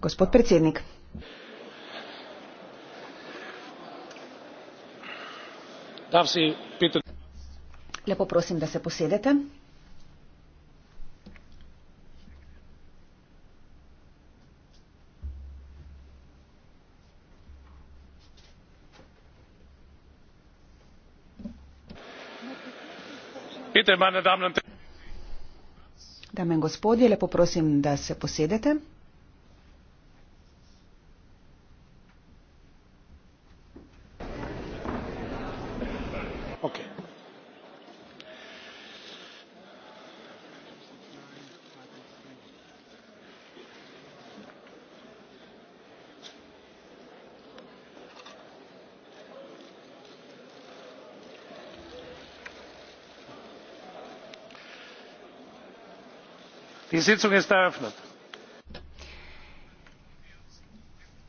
Gospod predsednik. Lepo prosim, da se posedete. Peter, meine Damen und Herren. Dame in gospodje, lepo prosim, da se posedete. Okay.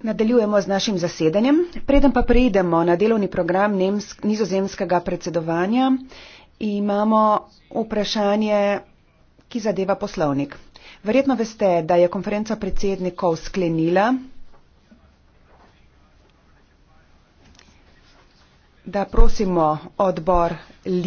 nadaljujemo z našim zasedanjem in prosim da preden preidemo na delovni program nizozemskega predsedovanja imamo pred sabo vprašanje iz poslanske skupine sd in sicer gospod kollega van rompuy je prej govoril o tem da bi morali biti nizozemski predsedujoči imamo vprašanje, ki zadeva poslovnik. Verjetno veste, da je konferenca predsednikov sklenila, da prosimo odbor